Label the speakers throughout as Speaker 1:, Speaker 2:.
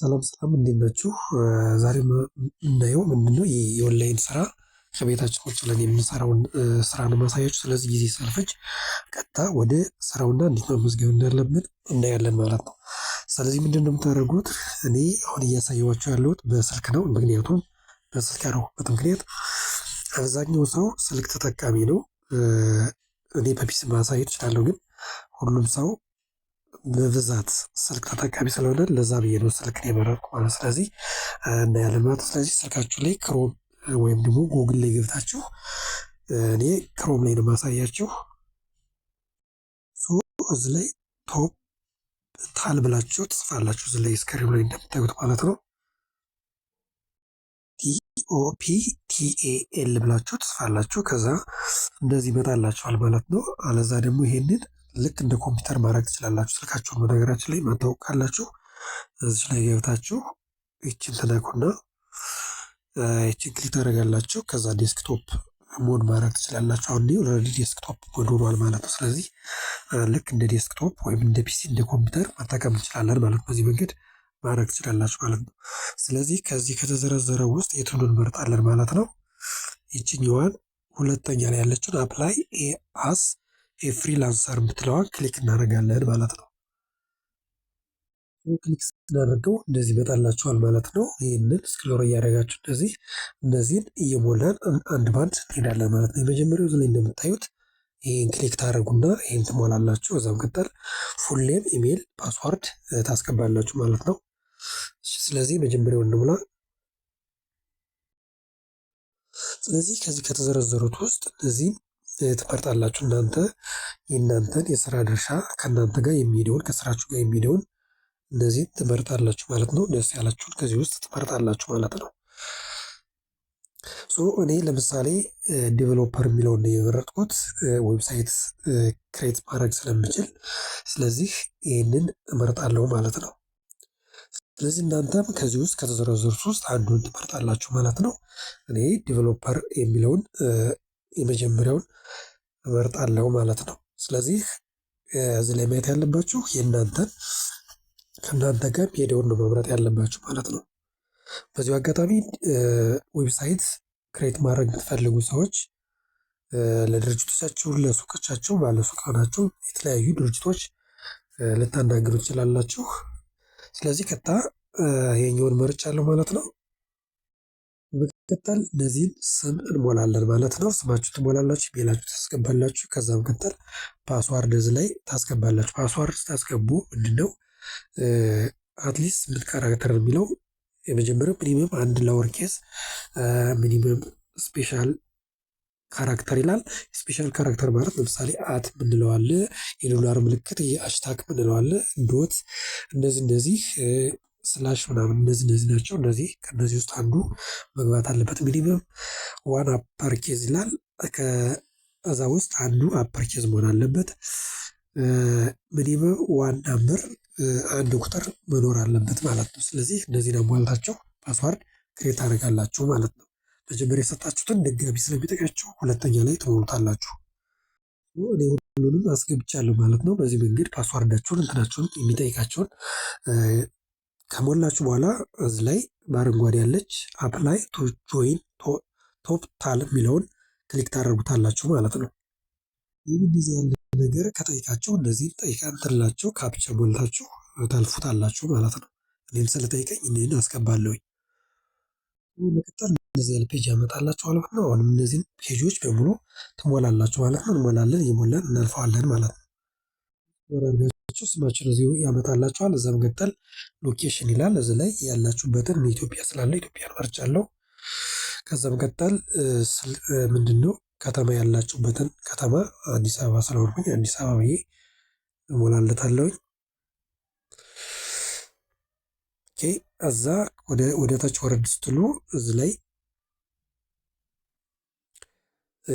Speaker 1: ሰላም ሰላም እንዴት ናችሁ? ዛሬ የምናየው ምንድነው የኦንላይን ስራ ከቤታችን ቁጭ ብለን የምንሰራውን ስራ ነው ማሳያችሁ። ስለዚህ ጊዜ ሳልፈጅ ቀጥታ ወደ ስራውና እንዴት መመዝገብ እንዳለብን እናያለን ማለት ነው። ስለዚህ ምንድን ነው የምታደርጉት? እኔ አሁን እያሳየኋቸው ያለሁት በስልክ ነው። ምክንያቱም በስልክ ያደረኩበት ምክንያት አብዛኛው ሰው ስልክ ተጠቃሚ ነው። እኔ በፒስ ማሳየት እችላለሁ፣ ግን ሁሉም ሰው በብዛት ስልክ ተጠቃሚ ስለሆነ ለዛ ብዬ ነው ስልክን የመረጥኩ ማለት ስለዚህ እና ማለት ስለዚህ ስልካችሁ ላይ ክሮም ወይም ደግሞ ጎግል ላይ ገብታችሁ እኔ ክሮም ላይ ነው ማሳያችሁ። እዚ ላይ ቶፕ ታል ብላችሁ ትጽፋላችሁ። እዚ ላይ ስክሪም ላይ እንደምታዩት ማለት ነው። ቲኦፒ ቲኤኤል ብላችሁ ትጽፋላችሁ። ከዛ እንደዚህ ይመጣላችኋል ማለት ነው። አለዛ ደግሞ ይሄንን ልክ እንደ ኮምፒውተር ማድረግ ትችላላችሁ። ስልካችሁን በነገራችን ላይ ማታወቅ ካላችሁ እዚህ ላይ ገብታችሁ ይችን ትነኩና ይችን ክሊክ ታደርጋላችሁ። ከዛ ዴስክቶፕ ሞድ ማድረግ ትችላላችሁ። አሁን ኦልሬዲ ዴስክቶፕ ሞድ ሆኗል ማለት ነው። ስለዚህ ልክ እንደ ዴስክቶፕ ወይም እንደ ፒሲ እንደ ኮምፒውተር መጠቀም እንችላለን ማለት ነው። በዚህ መንገድ ማድረግ ትችላላችሁ ማለት ነው። ስለዚህ ከዚህ ከተዘረዘረው ውስጥ የቱን እንመርጣለን ማለት ነው? ይችኛዋን ሁለተኛ ላይ ያለችን አፕላይ ኤ አስ የፍሪላንሰር የምትለዋን ክሊክ እናደርጋለን ማለት ነው። ክሊክ ስናደርገው እንደዚህ ይመጣላችኋል ማለት ነው። ይህንን ስክሎር እያደረጋችሁ እንደዚህ እነዚህን እየሞላን አንድ ባንድ እንሄዳለን ማለት ነው። የመጀመሪያው ላይ እንደምታዩት ይህን ክሊክ ታደረጉና ይህን ትሞላላችሁ። እዛም ቀጠል ፉሌም ኢሜይል፣ ፓስዋርድ ታስገባላችሁ ማለት ነው። ስለዚህ መጀመሪያው እንሙላ። ስለዚህ ከዚህ ከተዘረዘሩት ውስጥ እነዚህን ትመርጣላችሁ እናንተ የእናንተን የስራ ድርሻ ከእናንተ ጋር የሚሄደውን ከስራችሁ ጋር የሚሄደውን እነዚህን ትመርጣላችሁ ማለት ነው። ደስ ያላችሁን ከዚህ ውስጥ ትመርጣላችሁ ማለት ነው። ሶ እኔ ለምሳሌ ዴቨሎፐር የሚለውን የመረጥኩት ዌብሳይት ክሬት ማድረግ ስለምችል ስለዚህ ይህንን እመርጣለሁ ማለት ነው። ስለዚህ እናንተም ከዚህ ውስጥ ከተዘረዘሩት ውስጥ አንዱን ትመርጣላችሁ ማለት ነው። እኔ ዴቨሎፐር የሚለውን የመጀመሪያውን እመርጣለሁ ማለት ነው። ስለዚህ እዚህ ላይ ማየት ያለባችሁ የእናንተን ከእናንተ ጋር የሚሄደውን ነው መምረጥ ያለባችሁ ማለት ነው። በዚሁ አጋጣሚ ዌብሳይት ክሬት ማድረግ የምትፈልጉ ሰዎች ለድርጅቶቻችሁ፣ ለሱቆቻችሁ፣ ባለሱቅ የተለያዩ ድርጅቶች ልታናግሩ ትችላላችሁ። ስለዚህ ቀጥታ የኛውን መርጫለሁ ማለት ነው። በመቀጠል እነዚህን ስም እንሞላለን ማለት ነው። ስማችሁ ትሞላላችሁ፣ ሜላችሁ ታስገባላችሁ። ከዛ በመቀጠል ፓስዋርድ እዚህ ላይ ታስገባላችሁ። ፓስዋርድ ስታስገቡ ምንድነው አትሊስት ምን ካራክተር የሚለው የመጀመሪያው ሚኒመም አንድ ላወር ኬስ ሚኒመም ስፔሻል ካራክተር ይላል። ስፔሻል ካራክተር ማለት ለምሳሌ አት ምንለዋለ፣ የዶላር ምልክት፣ የአሽታክ ምንለዋለ፣ ዶት፣ እነዚህ እነዚህ ስላሽ ምናምን እነዚህ እነዚህ ናቸው። እነዚህ ከእነዚህ ውስጥ አንዱ መግባት አለበት። ሚኒመም ዋን አፐር ኬዝ ይላል። ከዛ ውስጥ አንዱ አፐር ኬዝ መሆን አለበት። ሚኒመም ዋን ናምበር አንድ ቁጥር መኖር አለበት ማለት ነው። ስለዚህ እነዚህን አሟልታቸው ፓስዋርድ ክሬት ታደርጋላችሁ ማለት ነው። መጀመሪያ የሰጣችሁትን ድጋሚ ስለሚጠቃችሁ ሁለተኛ ላይ ትሞሉታላችሁ። እኔ ሁሉንም አስገብቻለሁ ማለት ነው። በዚህ መንገድ ፓስዋርዳችሁን እንትናችሁን የሚጠይቃቸውን ከሞላችሁ በኋላ እዚ ላይ በአረንጓዴ ያለች አፕላይ ቱ ጆይን ቶፕ ታል የሚለውን ክሊክ ታደርጉታላችሁ ማለት ነው። ይህ ጊዜ ያለ ነገር ከጠይቃችሁ እነዚህን ጠይቃ እንትንላችሁ ካፕቻ ሞልታችሁ ታልፉታላችሁ ማለት ነው። እኔም ስለጠይቀኝ እኔን አስገባለሁኝ። በመቀጠል እነዚህ ያለ ፔጅ ያመጣላችሁ ማለት ነው። አሁንም እነዚህን ፔጆች በሙሉ ትሞላላችሁ ማለት ነው። እንሞላለን፣ እየሞላን እናልፈዋለን ማለት ነው። ወረዳችሁ ስማችን እዚሁ ያመጣላችኋል። እዛ መቀጠል ሎኬሽን ይላል። እዚህ ላይ ያላችሁበትን ኢትዮጵያ ስላለ ኢትዮጵያን መርጫለሁ። ከዛ መቀጠል ምንድን ነው ከተማ ያላችሁበትን ከተማ አዲስ አበባ ስለሆንኩኝ አዲስ አበባ ብዬ እሞላለታለሁኝ። እዛ ወደ ታች ወረድ ስትሉ እዚህ ላይ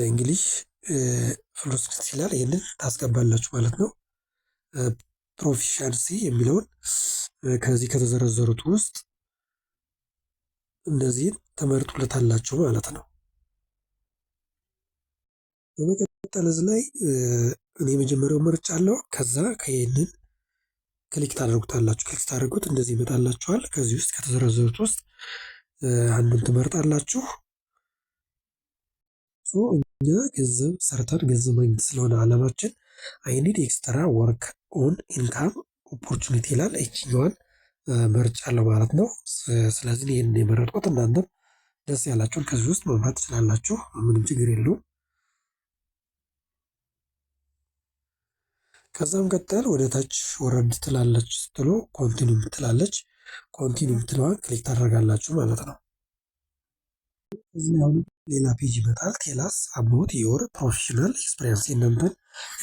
Speaker 1: እንግሊሽ ፍሉስት ይላል። ይህንን ታስገባላችሁ ማለት ነው። ፕሮፊሸንሲ የሚለውን ከዚህ ከተዘረዘሩት ውስጥ እነዚህን ትመርጡለታላችሁ ማለት ነው። በመቀጠል እዚህ ላይ እኔ የመጀመሪያው መርጫ አለው። ከዛ ከይህንን ክሊክ ታደርጉታላችሁ። ክሊክ ታደርጉት እንደዚህ ይመጣላችኋል። ከዚህ ውስጥ ከተዘረዘሩት ውስጥ አንዱን ትመርጣላችሁ። እኛ ገንዘብ ሰርተን ገንዘብ ማግኘት ስለሆነ አላማችን አይኒድ ኤክስትራ ወርክ ኦን ኢንካም ኦፖርቹኒቲ ይላል። መርጫ መርጫለሁ ማለት ነው። ስለዚህ ይህን የመረጥኩት እናንተም ደስ ያላችሁን ከዚህ ውስጥ መምራት ትችላላችሁ። ምንም ችግር የለውም። ከዛም ቀጠል ወደ ታች ወረድ ትላለች ስትሎ ኮንቲኒ ትላለች። ኮንቲኒ ትለዋን ክሊክ ታደርጋላችሁ ማለት ነው። እዚህ አሁን ሌላ ፔጅ ይመጣል። ቴላስ አሞት ዮር ፕሮፌሽናል ኤክስፔሪንስ የእናንተን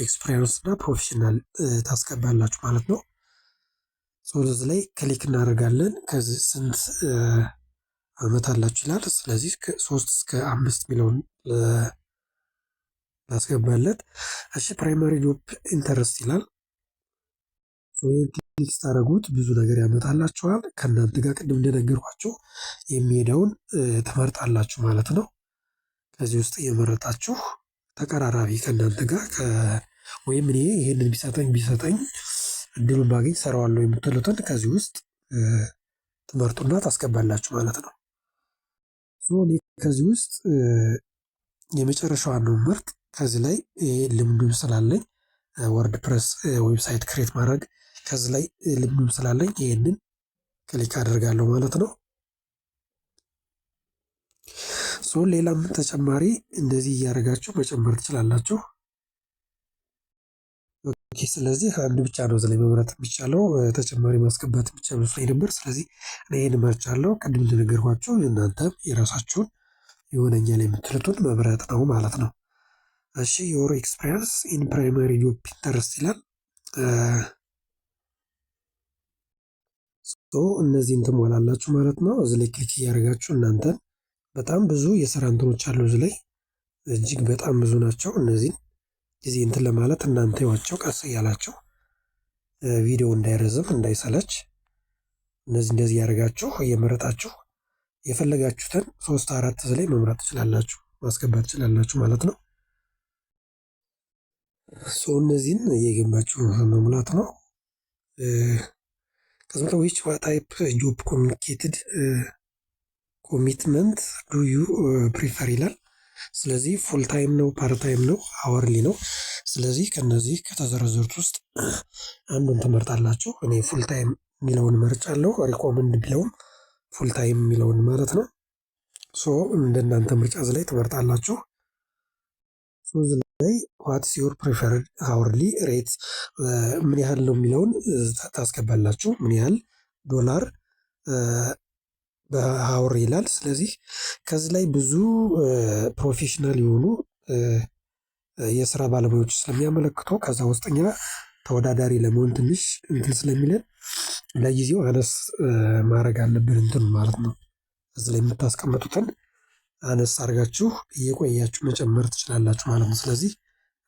Speaker 1: ኤክስፔሪንስ እና ፕሮፌሽናል ታስገባላችሁ ማለት ነው። ሶልዝ ላይ ክሊክ እናደርጋለን። ከዚህ ስንት አመት አላችሁ ይላል። ስለዚህ ሶስት እስከ አምስት ሚለውን ላስገባለት። እሺ ፕራይማሪ ጆብ ኢንተረስት ይላል። ስታደርጉት ብዙ ነገር ያመጣላችኋል ከእናንተ ጋር ቅድም እንደነገርኳችሁ የሚሄደውን ትመርጣላችሁ ማለት ነው። ከዚህ ውስጥ የመረጣችሁ ተቀራራቢ ከእናንተ ጋር ወይም እኔ ይሄንን ቢሰጠኝ ቢሰጠኝ እድሉን ባገኝ ሰረዋለው የምትሉትን ከዚህ ውስጥ ትመርጡና ታስገባላችሁ ማለት ነው። እኔ ከዚህ ውስጥ የመጨረሻዋን ነው ምመርጥ። ከዚህ ላይ ልምዱ ልምዱም ስላለኝ ወርድ ፕረስ ዌብሳይት ክሬት ማድረግ ከዚህ ላይ ልምዱም ስላለኝ ይህንን ክሊክ አደርጋለሁ ማለት ነው። ሶ ሌላም ተጨማሪ እንደዚህ እያደረጋችሁ መጨመር ትችላላችሁ። ኦኬ ስለዚህ አንድ ብቻ ነው ዘላይ ላይ መምረጥ የሚቻለው ተጨማሪ ማስገባት ብቻ መስሎኝ ነበር። ስለዚህ እኔ ይህን መርጫለሁ። ቅድም እንደነገርኳችሁ እናንተም የራሳችሁን ይሆነኛል የምትሉትን መምረጥ ነው ማለት ነው። እሺ ዮር ኤክስፒሪየንስ ኢን ፕራይማሪ ጆብ ፒንተረስት ይላል። ሶ እነዚህን ትሞላላችሁ ማለት ነው። እዚ ላይ ክሊክ እያደረጋችሁ እናንተን በጣም ብዙ የስራ እንትኖች አሉ እዚ ላይ እጅግ በጣም ብዙ ናቸው። እነዚህን ጊዜ እንትን ለማለት እናንተ እዩዋቸው ቀስ እያላቸው ቪዲዮ እንዳይረዝም እንዳይሰለች እነዚህ እንደዚህ ያደርጋችሁ እየመረጣችሁ የፈለጋችሁትን ሶስት አራት እዚህ ላይ መምራት ትችላላችሁ ማስገባት ትችላላችሁ ማለት ነው። ሶ እነዚህን እየገባችሁ መሙላት ነው። Kazumata, ዊች ታይፕ ጆብ ኮሚኒኬትድ ኮሚትመንት ዱ ዩ ፕሪፈር ይላል። ስለዚህ ፉል ታይም ነው ፓርት ታይም ነው አወርሊ ነው። ስለዚህ ከነዚህ ከተዘረዘሩት ውስጥ አንዱን ትመርጣላችሁ። እኔ ፉል ታይም የሚለውን መርጫለሁ። ሪኮመንድ ቢለውም ፉል ታይም የሚለውን ማለት ነው። ሶ እንደናንተ ምርጫ ላይ ትመርጣላችሁ። ዋትስ ዮር ፕሪፈርድ አወርሊ ሬት ምን ያህል ነው የሚለውን ታስገባላችሁ። ምን ያህል ዶላር በሀውር ይላል። ስለዚህ ከዚህ ላይ ብዙ ፕሮፌሽናል የሆኑ የስራ ባለሙያዎች ስለሚያመለክተው ከዛ ውስጠኛ ተወዳዳሪ ለመሆን ትንሽ እንትን ስለሚለን ለጊዜው አነስ ማድረግ አለብን እንትን ማለት ነው። እዚህ ላይ የምታስቀምጡትን አነስ አድርጋችሁ እየቆያችሁ መጨመር ትችላላችሁ ማለት ነው። ስለዚህ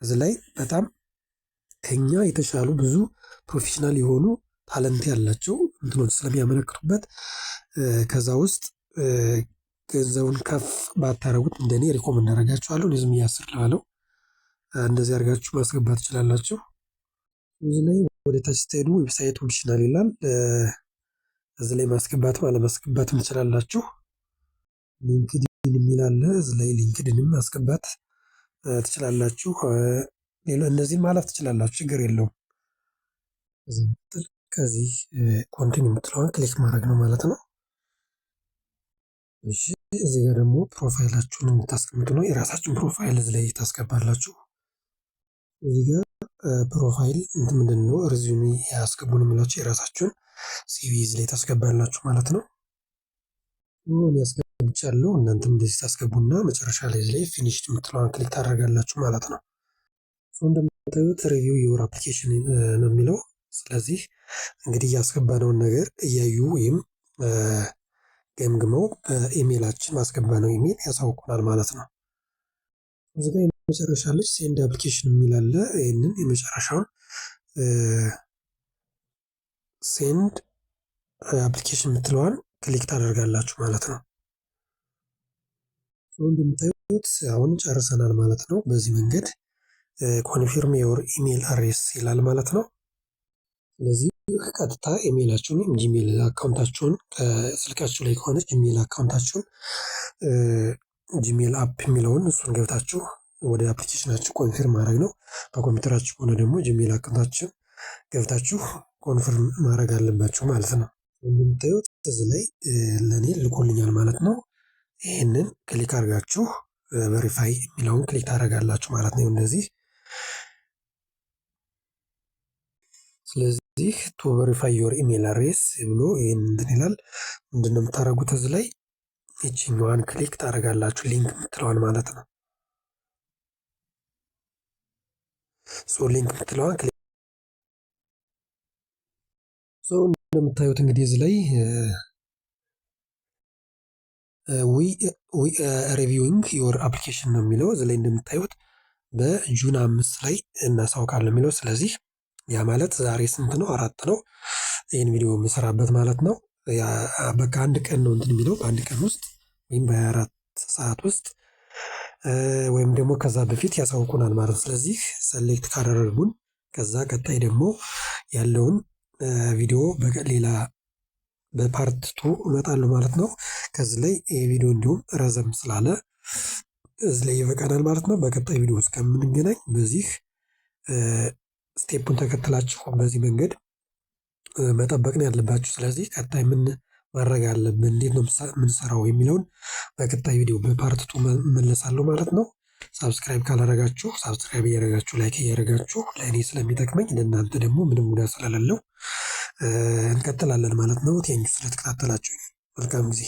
Speaker 1: እዚህ ላይ በጣም ከኛ የተሻሉ ብዙ ፕሮፌሽናል የሆኑ ታለንት ያላቸው እንትኖች ስለሚያመለክቱበት ከዛ ውስጥ ገንዘቡን ከፍ ባታረጉት እንደኔ ሪኮመንድ አደርጋችኋለሁ። ዝም እያስር ላለው እንደዚህ አድርጋችሁ ማስገባት ትችላላችሁ። እዚህ ላይ ወደ ታች ስትሄዱ ዌብሳይት ኦፕሽናል ይላል። እዚህ ላይ ማስገባትም አለማስገባትም ትችላላችሁ። ሊንክድ የሚል የሚላለ እዚ ላይ ሊንክድንም ማስገባት ትችላላችሁ። ሌሎች እነዚህን ማለፍ ትችላላችሁ ችግር የለውም። ከዚህ ኮንቲኒ የምትለዋን ክሊክ ማድረግ ነው ማለት ነው። እሺ እዚህ ጋር ደግሞ ፕሮፋይላችሁን የምታስቀምጡ ነው። የራሳችሁን ፕሮፋይል እዚህ ላይ ታስገባላችሁ። እዚህ ጋር ፕሮፋይል ምንድን ነው ሪዚዩሚ ያስገቡን የሚላቸው የራሳችሁን ሲቪ እዚህ ላይ ታስገባላችሁ ማለት ነው። ያስገ ሊንኮች አሉ። እናንተም እንደዚህ ታስገቡና መጨረሻ ላይ ላይ ፊኒሽ የምትለዋን ክሊክ ታደርጋላችሁ ማለት ነው። እንደምታዩት ሪቪው ዩር አፕሊኬሽን ነው የሚለው። ስለዚህ እንግዲህ ያስገባነውን ነገር እያዩ ወይም ገምግመው በኢሜይላችን ማስገባነው ኢሜይል ያሳውቁናል ማለት ነው። እዚህ ጋር የመጨረሻ ልጅ ሴንድ አፕሊኬሽን የሚል አለ። ይህንን የመጨረሻውን ሴንድ አፕሊኬሽን የምትለዋን ክሊክ ታደርጋላችሁ ማለት ነው። እንደምታዩት አሁን ጨርሰናል ማለት ነው። በዚህ መንገድ ኮንፊርም ዮር ኢሜል አድሬስ ይላል ማለት ነው። ስለዚህ ቀጥታ ኢሜላችሁን ወይም ጂሜል አካውንታችሁን ከስልካችሁ ላይ ከሆነ ጂሜል አካውንታችሁን ጂሜል አፕ የሚለውን እሱን ገብታችሁ ወደ አፕሊኬሽናችሁ ኮንፊርም ማድረግ ነው። በኮምፒውተራችሁ ከሆነ ደግሞ ጂሜል አካውንታችን ገብታችሁ ኮንፊርም ማድረግ አለባችሁ ማለት ነው። እንደምታዩት እዚህ ላይ ለእኔ ልኮልኛል ማለት ነው። ይህንን ክሊክ አድርጋችሁ ቨሪፋይ የሚለውን ክሊክ ታደርጋላችሁ ማለት ነው። እንደዚህ ስለዚህ ቱ ቨሪፋይ ዮር ኢሜል አድሬስ ብሎ ይህን እንትን ይላል። ምንድነው የምታደርጉት እዚህ ላይ ይችኛዋን ክሊክ ታደርጋላችሁ ሊንክ የምትለዋን ማለት ነው። ሶ ሊንክ የምትለዋን ክሊክ ሶ እንደምታዩት እንግዲህ እዚህ ላይ ሪቪዊንግ ዊ አፕሊኬሽን ነው የሚለው እዚ ላይ እንደምታዩት በጁን አምስት ላይ እናሳውቃለን የሚለው ስለዚህ ያ ማለት ዛሬ ስንት ነው? አራት ነው። ይህን ቪዲዮ የምሰራበት ማለት ነው። በቃ አንድ ቀን ነው እንትን የሚለው በአንድ ቀን ውስጥ ወይም በሀያ አራት ሰዓት ውስጥ ወይም ደግሞ ከዛ በፊት ያሳውቁናል ማለት ስለዚህ ሰሌክት ካደረጉን ከዛ ቀጣይ ደግሞ ያለውን ቪዲዮ ሌላ በፓርት ቱ እመጣለሁ ማለት ነው። ከዚህ ላይ ይሄ ቪዲዮ እንዲሁም ረዘም ስላለ እዚህ ላይ ይበቃናል ማለት ነው። በቀጣይ ቪዲዮ እስከምንገናኝ በዚህ ስቴፑን ተከትላችሁ በዚህ መንገድ መጠበቅ ነው ያለባችሁ። ስለዚህ ቀጣይ ምን ማድረግ አለብን፣ እንዴት ነው የምንሰራው የሚለውን በቀጣይ ቪዲዮ ቱ መለሳለሁ ማለት ነው። ሳብስክራይብ ካላረጋችሁ ሳብስክራይብ እያረጋችሁ ላይክ እያረጋችሁ ለእኔ ስለሚጠቅመኝ ለእናንተ ደግሞ ምንም ጉዳት ስለሌለው እንቀጥላለን ማለት ነው። ቴንኪው ስለተከታተላችሁኝ መልካም ጊዜ